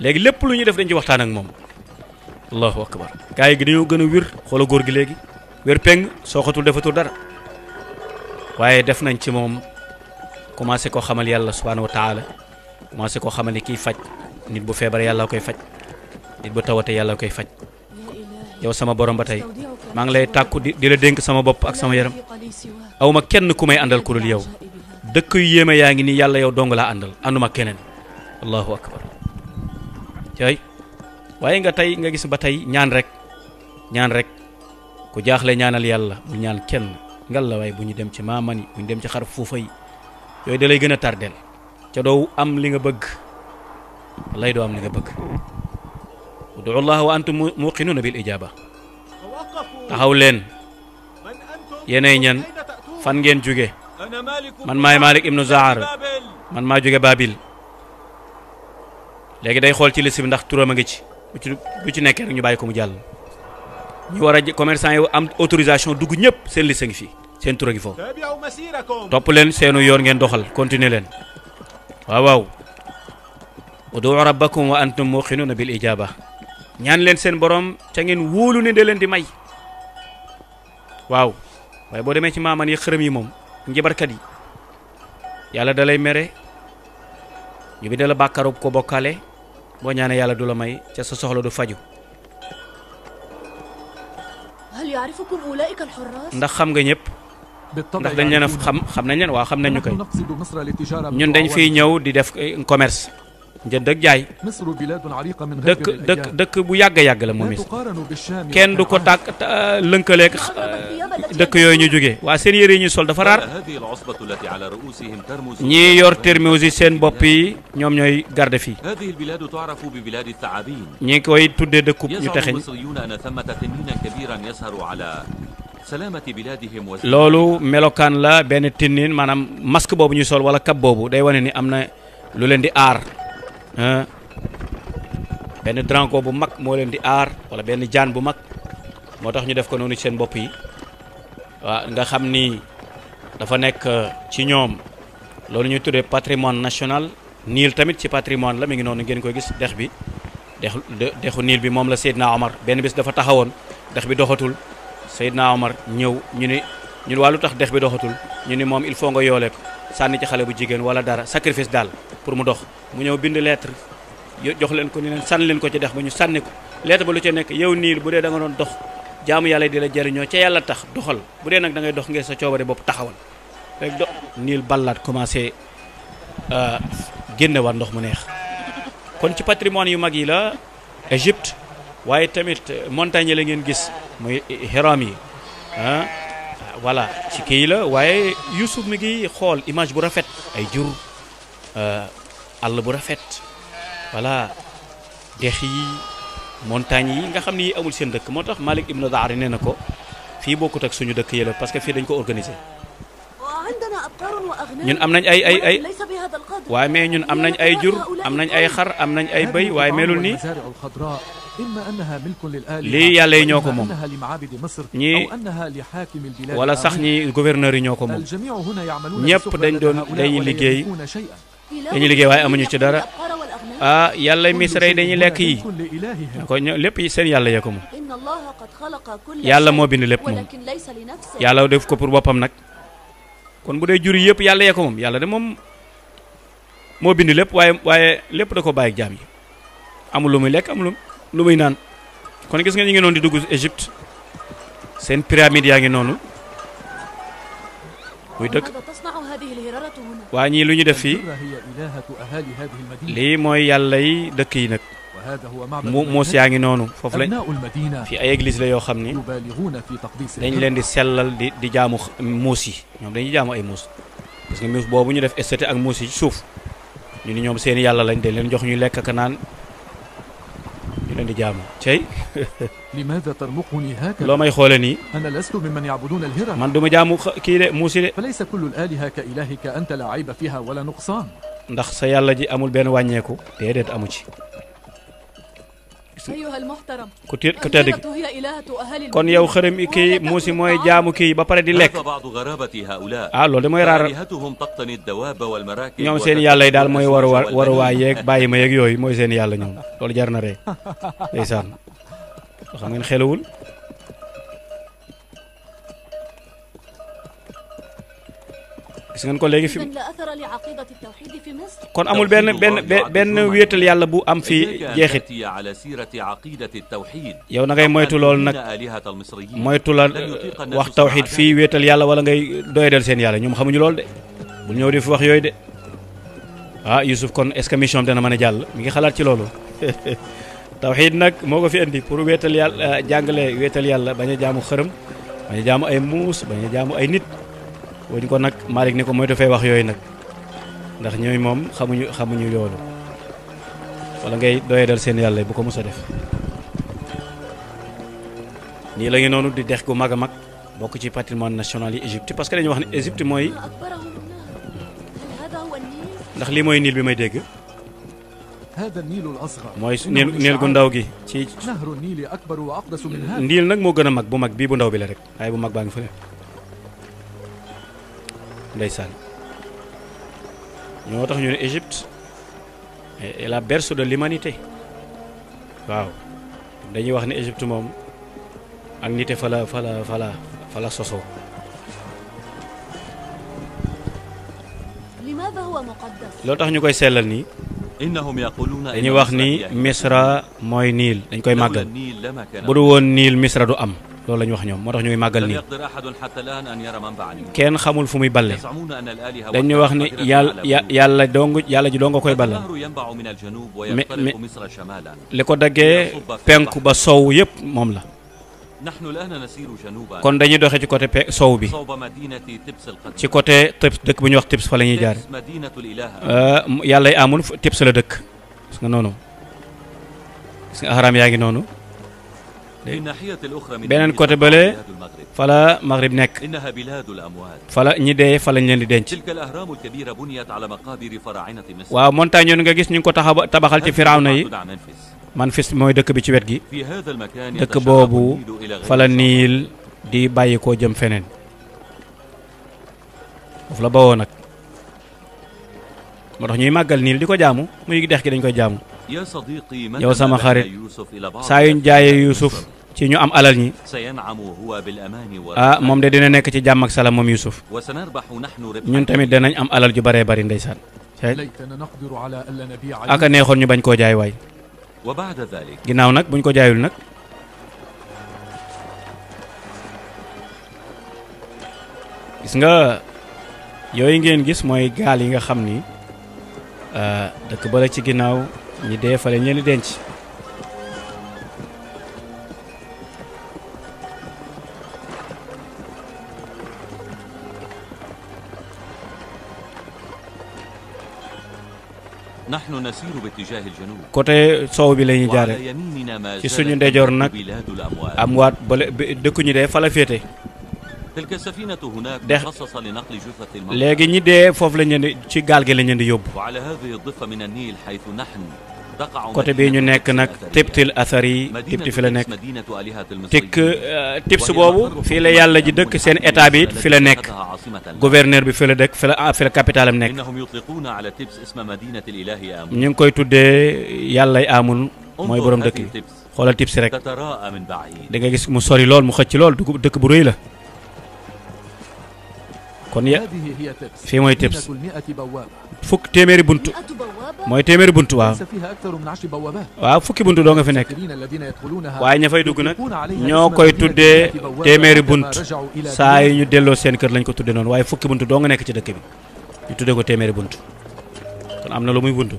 léegi lépp lu ñuy def dañ ci waxtaan ak moom allahu akbar gars gi dañoo gën a wér xoola góor gi léegi wér peng sooxatul defatul dara waaye def nañ ci moom commencé koo xamal yàlla subhaanahu wa taala commencé koo xamal ni kiy faj nit bu feebar yàlla koy faj nit bu tawate yàlla koy faj yow sama borom ba tey maa ngi lay tàkku di di la dénk sama bopp ak sama yaram awma kenn ku may àndal ku dul yow dëkk yu yéeme yaa ngi nii yàlla yow dong laa àndal ànduma keneen allahu akbar cay waaye nga tey nga gis ba tey ñaan rek ñaan rek ku jaaxle ñaanal yàlla bu ñaan kenn ngal la waaye bu ñu dem ci maamani bu ñu dem ci xar fuufa yi yooyu dalay lay gën a tardeel ca doo am li nga bëgg lay doo am li nga bëgg ud'u llaha wa antum muqinuuna bil ijaaba taxaw leen yéenay ñan fan ngeen jóge man maay Malik man maa jóge Babil léegi day xool ci liste ndax turam a ngi ci bu ci nekkee ñu bàyyi ko mu jàll ñu war a commerçant yi am autorisation dugg ñëpp seen liste ngi fi seen tur a ngi foofu topp leen seenu yoon ngeen doxal continuer leen waaw waaw ud'u rabbakum wa antum muqinuuna bil ijaaba ñaan leen seen boroom ca ngeen wóolu ne da leen di may waaw waaye boo demee ci maaman yi xërëm yi moom njibarkat yi yàlla da lay mere ñu bi da la ko bokkale boo ñaanee yàlla du la may ca sa soxla du faju ndax xam nga ñëpp ndax dañ leen a xam xam nañ leen waa xam nañu koy ñun dañ fiy ñëw di def eh, commerce njënd ak jaay dëkk dëkk dëkk bu yàgg a yàgg la moom it kenn du ko tàkk lënkaleeg dëkk yooyu ñu jógee waa seen yére yi ñuy sol dafa raar ñii yor termos yi seen bopp yi ñoom ñooy garde fii ñi koy tuddee dëkkub ñu texeñ loolu melokaan la benn tinnin maanaam masque boobu ñuy sol wala kab boobu day wane ni am na lu leen di aar benn dranko bu mag moo leen di aar wala benn jaan bu mag moo tax ñu def ko noonu seen bopp yi waaw nga xam ni dafa nekk euh, ci ñoom loolu ñu tuddee patrimoine national niil tamit ci patrimoine la mi ngi noonu ngeen koy gis dex bi dex dexu niil bi moom la Seydina Omar benn bis dafa taxawoon dex bi doxatul Seydina Omar ñëw ñu ni ñun wàllu tax dex bi doxatul ñu ni moom il faut nga yoolee ko sànni ci xale bu jigéen wala dara sacrifice daal pour mu dox mu ñëw bind lettre jox leen ko ni leen sànni leen ko ci dex ba ñu sànni ko lettre ba lu ci nekk yow niil bu dee da nga doon dox jaamu yàlla di la jëriñoo ca yàlla tax doxal bu dee nag da ngay dox ngeen sa coobare bopp taxawal rek do niil ballaat commencé euh, génne war ndox mu neex kon ci patrimoine yu mag yi la Égypte waaye tamit montagne la ngeen gis muy hiram yi voilà ci kii la waaye Youssouf mi ngi xool image bu rafet ay jur euh, àll bu rafet voilà dex yi montagne yi nga xam ni amul seen dëkk moo tax Malik Ibn Daari nee na ko fii ko ak suñu dëkk la parce que fii dañ ko organiser ñun am nañ ay ay ay waaye mais ñun am nañ ay jur am nañ ay xar am nañ ay bëy waaye melul nii lii yàlla yi ñoo ko moom ñii wala sax ñi gouverneurs yi ñoo ko moom ñëpp dañ doon dañuy liggéey dañuy liggéey waaye amuñu ci dara ah yàlla misra yi dañuy lekk yi ko lépp seen yàlla yee ko moom yàlla moo bind lépp moom yàlla def ko pour boppam nag kon bu dee jur yi yëpp yàlla yee ko moom yàlla de moom moo bind lépp waaye waaye lépp da ko bàyyi jaam yi amul lu muy lekk amul lu muy naan kon gis nga ñu ngi di dugg Égypte seen pyramide yaa ngi noonu muy dëkk waa ñii lu ñu def fii lii mooy yàlla yi dëkk yi nag mu muus yaa ngi noonu foofu lañ fi ay église la yoo xam ni dañ leen di sellal di di jaamu muus yi ñoom dañuy jaamu ay muus parce que muus boobu ñu def esthétique ak muus yi suuf ñu ni ñoom seen yàlla lañ dañ leen jox ñu lekk ak naan ñu leen di jaamu cey limaada tarmuquni haka loo may xoole nii ana lastu mimman ya'buduna al-hira man du ma jaamu kii de muusi de falaysa kullu al-aliha ka ilahika anta la ayba fiha wala nuqsan ndax sa yàlla ji amul benn wàññeeku déedéet amu ci ku ti ku tedd gi kon yow xërëm yi kii muusi mooy jaamu kii ba pare di lekk ah loolu de mooy raar ñoom seen yàlla yi daal mooy waru waruwaay yeeg bàyyi ma yeeg yooyu mooy seen yàlla ñoom loolu jar na ree ndeysaan xam ngeen xelawul gis ngeen ko léegi fi kon amul benn benn benn wéetal yàlla bu am fi jeexit yow na ngay moytu loolu nag moytu la wax tawxiid fii wéetal yàlla wala ngay doyadal seen yàlla ñoom xamuñu lool de bul ñëw di fi wax yooyu de ah Youssouf kon est-ce mission dana mën a jàll mi ngi xalaat ci loolu tawxiid nag moo ko fi indi pour wéetal yàlla jàngale wéetal yàlla bañ a jaamu xërëm bañ jaamu ay muus bañ a jaamu ay nit wañ ko nag Malick ni ko mooy dafay wax yooyu nag ndax ñooy moom xamuñu xamuñu loolu wala ngay doyadal seen yàlla bu ko mos a def nii la noonu di dex gu mag a mag bokk ci patrimoine national yi Égypte parce que dañu wax ne Égypte mooy ndax lii mooy niil bi may dégg mooy niil niil gu ndaw gi ci niil nag moo gën a mag bu mag bii bu ndaw bi la rek waaye bu mag baa ngi fële ndeysaan ñoo tax ñu ne Égypte la berce de l'humanité waaw dañuy wax ne Égypte moom ak nite fa la fa la fa la fa la sosoo loolu tax ñu koy sellal nii dañuy wax ni misra mooy niil dañ koy màggal bu du woon niil misra du am loolu la ñu wax ñoom moo tax ñuy màggal nii kenn xamul fu muy balle dañu wax ni yàlla yàlla dong yàlla ji doo nga koy balle mais mais li ko daggee penku ba soow yëpp moom la kon dañuy doxee ci côté pe sow bi ci côté tips dëkk bu ñuy wax tips fa la ñuy jaare euh, yàlla y amul tips la dëkk gis nga noonu gis nga xaram yaa ngi noonu beneen côté bële fa la Maghrib nekk fa la ñi dee fa lañ leen di denc waaw montagne yoon nga gis ñu ngi ko taxaw tabaxal ci firawna yi Manfis mooy dëkk bi ci wet gi dëkk boobu fa la niil di bàyyi koo jëm feneen foofu la bawoo nag moo tax ñuy màggal niil di ko jaamu muy dex gi dañ koy jaamu yow sama xarit saa yuñ jaayee Yuusuf ci ñu am alal ñi ah moom de dina nekk ci jàmm ak salaam moom Yuusuf ñun tamit danañ am alal ju baree bari ndeysaan aka neexoon ñu bañ koo jaay waay ginnaaw nag buñ ko jaayul nag gis nga yooyu ngeen gis mooy gaal yi nga xam ni euh, dëkk bala ci ginnaaw ñi dee fale ñu leen denc côté soow bi la ñuy jaare ci suñu ndejoor nag am waat bale dëkku ñu dee fa la féete dex léegi ñi dee foofu la ñu leen di ci gaal gi la ñu leen di yóbbu côté bii ñu nekk nag tibtil athar yi tibti fi la nekk tikk euh, tips boobu fii la yàlla ji dëkk seen état bi fi la nekk gouverneur bi fi la dëkk fi la ah, fi nekk ñu ngi koy tuddee yàllay amul mooy borom dëkk bi xoolal tips rek da nga gis mu sori lool mu xëcc lool dugub dëkk bu rëy la kon ya fii mooy tips fukk téeméeri bunt mooy téeméeri bunt waaw waaw fukki bunt doo nga fi nekk waaye ña fay dugg nag ñoo koy tuddee téeméeri bunt saa yu ñu delloo seen kër lañ ko tuddee noonu waaye fukki bunt doo nga nekk ci dëkk bi ñu tuddee ko téeméeri bunt kon am na loo muy bunt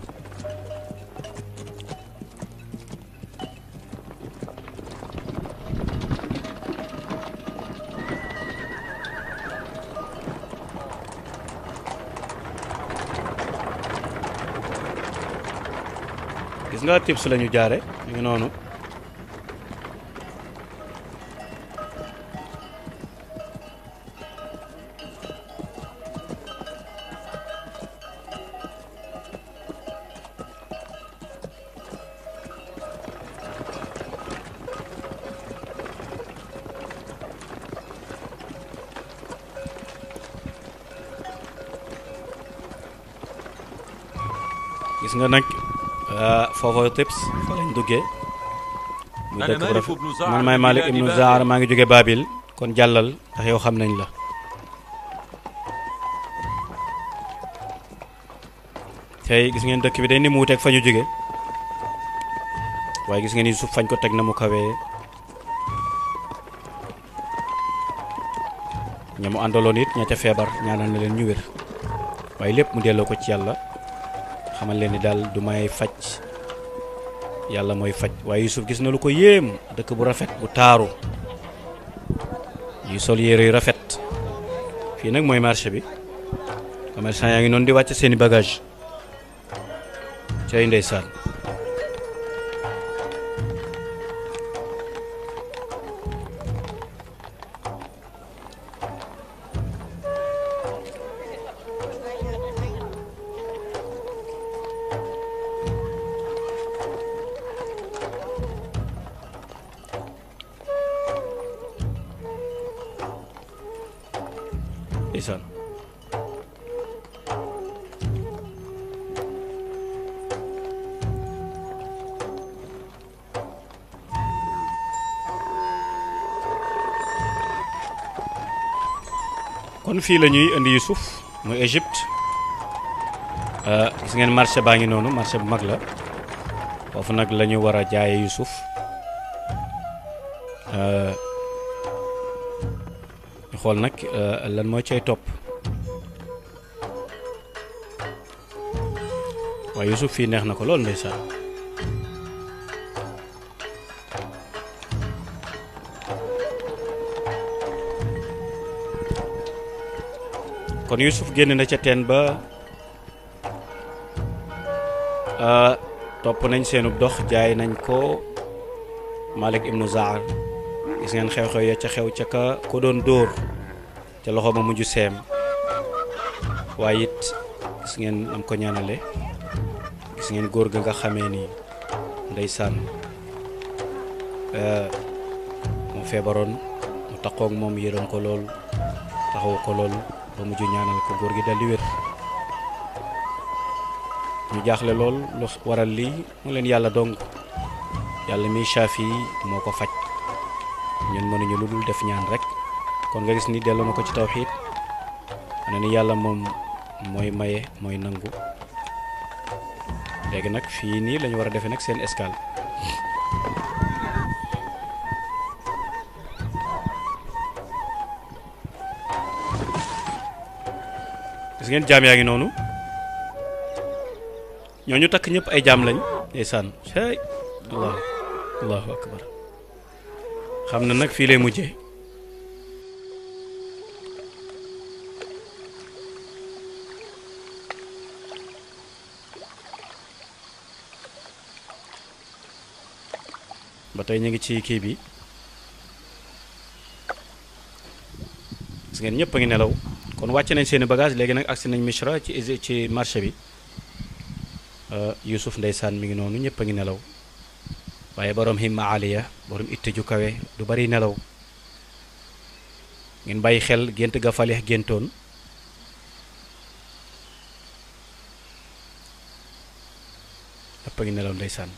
gis nga tips la ñu jaare ñu ngi noonu gis nga nag Euh, foofu tips fa lañ duggee muy dëkk bu maa ngi jóge Babil kon jàllal ndax yow xam nañ la tey gis ngeen dëkk bi day ni mu wuteeg fa ñu jóge waaye gis ngeen ni suuf fañ ko teg na mu kawee ña àndaloon it ña ca feebar ñaanal na leen ñu wér waaye lépp mu delloo ko ci yàlla xamal leen ni daal du may faj yàlla mooy faj waaye Yuusuf gis na lu ko yéem dëkk bu rafet bu taaru ñuy sol yére yu rafet fii nag mooy marché bi commerçant yaa ngi noonu di wàcc seeni bagage cay ndeysaan kon fii la ñuy indi Yusuf muy Égypte euh, gis ngeen marché baa ngi noonu marché bu mag la foofu nag lañu war a jaaye Yusuf euh, ñu xool nag euh, lan moo cay topp waaye Yusuf fii neex na ko loolu lool ndeysaan kon Yuusuf génn na ca teen ba topp nañ seenub dox jaay nañ ko Malik ibnu Zaar gis ngeen xew-xew ya ca xew ca ka ko doon dóor ca loxo ma mujj seem waaye it gis ngeen am ko ñaanale gis ngeen góor ga nga xamee ni ndeysaan mu feebaroon mu taqoog moom yërëm ko lool taxaw ko lool ba mujj ñaanal ko góor gi daldi wér ñu jaaxle lool lu waral lii mu leen yàlla dong yàlla mi shaafi moo ko faj ñun mënuñu lu dul def ñaan rek kon nga gis ni delloo na ko ci tawxiid ne ni yàlla moom mooy maye mooy nangu léegi nag fii nii lañu war a defee nag seen escale gis ngeen jaam yaa ngi noonu ñooñu takk ñépp ay jaam lañ ndeysaan hey allah allahu akbar xam na nag fii lay mujjee ba tey ñu ngi ci kii bi gis ngeen ñëpp a ngi nelaw kon wàcce nañ seeni i bagage léegi nag agsi nañ Missirah ci ci marché bi euh, Youssouf ndeysaan mi ngi noonu ñëpp a ngi nelaw waaye borom himma aliya borom itte ju kawe du bari nelaw ngeen bàyyi xel gént ga Falih géntoon ñëpp a ngi nelaw ndeysaan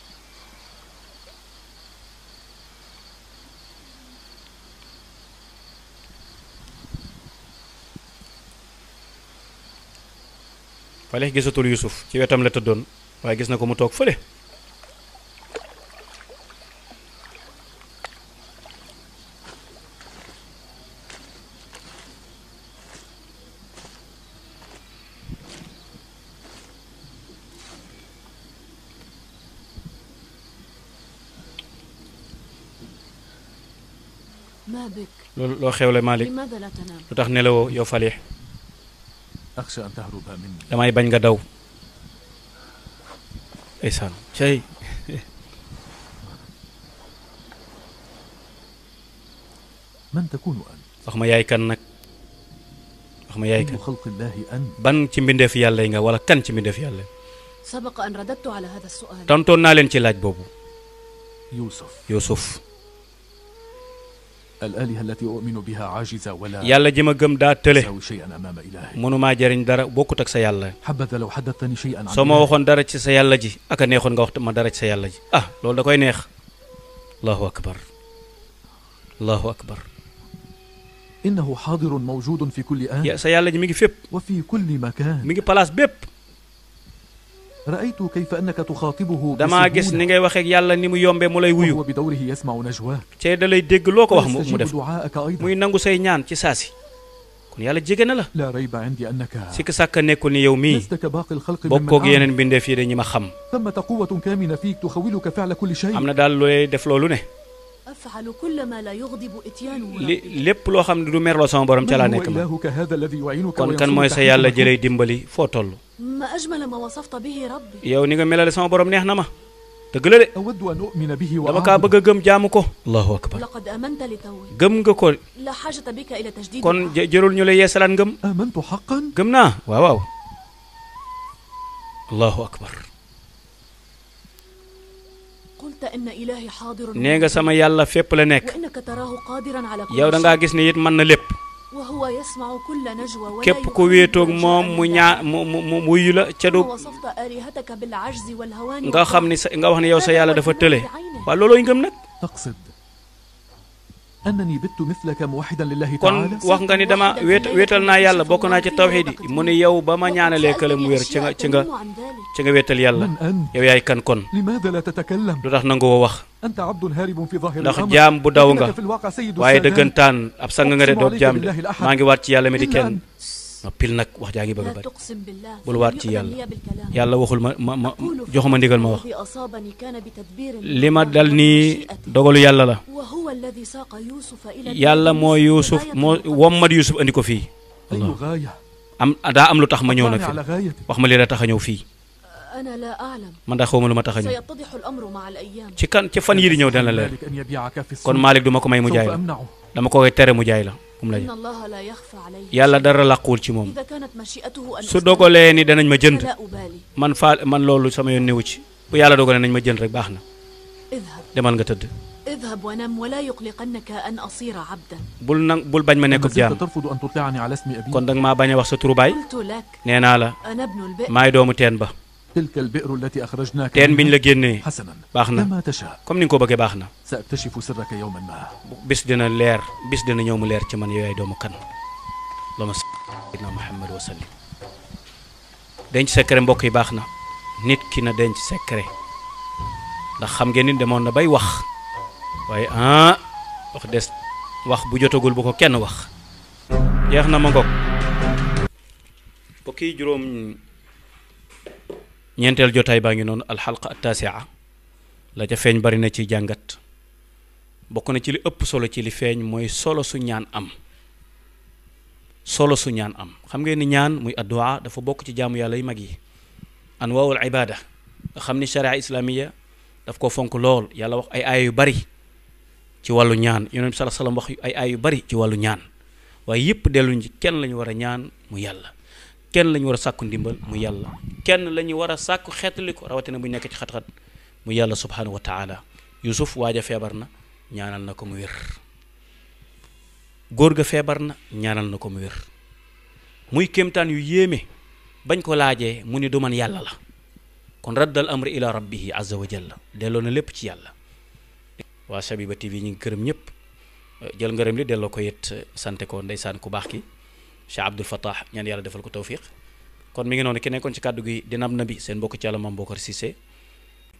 fale gisatul Yuusuf ci wetam la tëddoon waaye gis na ko mu toog fële loo xewle Malick lu tax nelawoo yow Falih damay bañ nga daw ndeysaan cey wax ma yaay kan nag wax ma yaay kan ban ci mbindeef yàlla yi nga wala kan ci mbindeef yàlla yi tontoon naa leen ci laaj boobu yàlla ji ma gëm daa tële mënumaa jëriñ dara bokkut ak sa yàlla soo ma waxoon dara ci sa yàlla ji ak a neexoon nga wax ma dara ci sa yàlla ji ah loolu da koy neex allahu akbar allahu akbar innahu haadirun mawjuudun fi kulli aan sa yàlla ji mi ngi fépp wa fi kulli makaan mi ngi place bépp رأيت كيف أنك تخاطبه damaa gis ni ngay waxeek yàlla ni mu yombe mu lay wuyu وهو بدوره يسمع نجواك da lay dégg loo ko wax mu mu def دعاءك أيضا muy nangu say ñaan ci saasi kon yàlla jege na la لا ريب عندي أنك sàkk nekkul ni yow mii لست كباقي الخلق bokkoog yeneen bindeef yi dañu ma xam ثمة قوة كامنة فيك تخولك فعل كل شيء am na daal looy def loolu ne lépp loo xam ne du merloo sama borom ca laa nekk ma kon kan mooy sa yàlla jëlay dimbali foo ma toll yow ni nga melale sama borom neex na ma dëgg la de dama kaa bëgg gëm jaamu ko allahu akbar gëm nga ko kon jërul ñu lay yeesalaat ngëm gëm naa waaw waaw allahu akbar nee nga sama yàlla fépp la nekk yow da ngaa gis ni it man na lépp képp ku wéetoog moom mu ñaa mu mu wuyu la ca du nga xam ne sa nga wax ne yow sa yàlla dafa tële waaw loolooy ngëm nag annani bittu mithlaka muwahidan lillahi ta'ala kon wax nga ni dama wéet naa yàlla bokk naa ci tawxiid yi mu ne yow ba ma ñaanalee kële mu wér ci nga ci nga ci nga wéetal yàlla yow yaay kan kon limaada la tatakallam lu tax nangu woo wax anta abdun haaribun fi ndax jaam bu daw nga waaye dëggantaan ab sang nga de doob jaam de maa ngi waat ci yàlla mi ma pil nag wax jaa ngi bëgg a bëri bul waat ci yàlla yàlla waxul ma ma ma joxuma ndigal ma wax li ma dal nii dogalu yàlla la yàlla moo yuusuf moo wommat yuusuf andi ko fii am daa am lu tax ma ñëw nag fi wax ma li la tax a ñëw fii man daa xawma lu ma tax a ñëw ci kan ci fan yii di ñëw dana leer kon Malick du ma ko may mu jaay la dama ko koy tere mu jaay la moom la yàlla dara làquwul ci moom su dogalee ni danañ ma jënd man faa man loolu sama yoon newu ci bu yàlla dogalee nañ ma jënd rek baax na demal nga tëdd bul nang bul bañ ma nekk jaam kon danga maa bañ a wax sa turu baay nee naa la maay doomu teen ba teen biñ la génnee baax na comme ni nga ko bëggee baax na bis dina leer bis dina ñëw mu leer ci man yooyaay doomu kan lama sayyidina Muhammad wa sallim denc secret mbokk yi baax na nit ki na denc secret ndax xam ngeen ni demoon na bay wax waaye ah wax des wax bu jotagul bu ko kenn wax jeex na ma ngoog ñeenteel jotaay baa ngi noonu alxalqa attaasia la ca feeñ bari na ci jàngat bokk na ci li ëpp solo ci li feeñ mooy solo su ñaan am solo su am xam ngeen ni ñaan muy addu'a dafa bokk ci jaamu yàlla yu mag yi anwaawul ibaada nga xam ni sharia islaamiya daf ko fonk lool yàlla wax ay aaya yu bari ci wàllu ñaan yonent bi sallallahu alayhi wasallam wax ay aaya yu bari ci wàllu ñaan waaye yëpp delluñ ci kenn lañu war a ñaan mu yàlla kenn la war a sàkku ndimbal mu yàlla kenn lañu ñu war a sàkku xeetali ko rawatina bu nekk ci xat-xat mu yàlla subhaanahu wa taala yusuf waaj a feebar na ñaanal na ko mu wér góor ga feebar na ñaanal na ko mu wér muy kéemtaan yu yéeme bañ ko laajee mu ni du man yàlla la kon raddal amri ila rabbihi azza wa jalla delloo na lépp ci yàlla waa Shabiba TV ñu ngi këram ñëpp jël ngërëm li delloo ko it sante ko ndeysaan ku baax ki Cheikh Abdoul Fattah ñaan yàlla defal ko tawfiq kon mi ngi noonu ki nekkoon ci kàddu gi di Nab Nabi seen mbokk ci yàlla Mame Bocar Cissé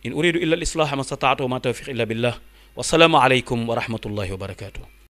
in uridu illa al islaha ma wa ma tawfiq illa billah wa salaamu aleykum wa wa barakatuh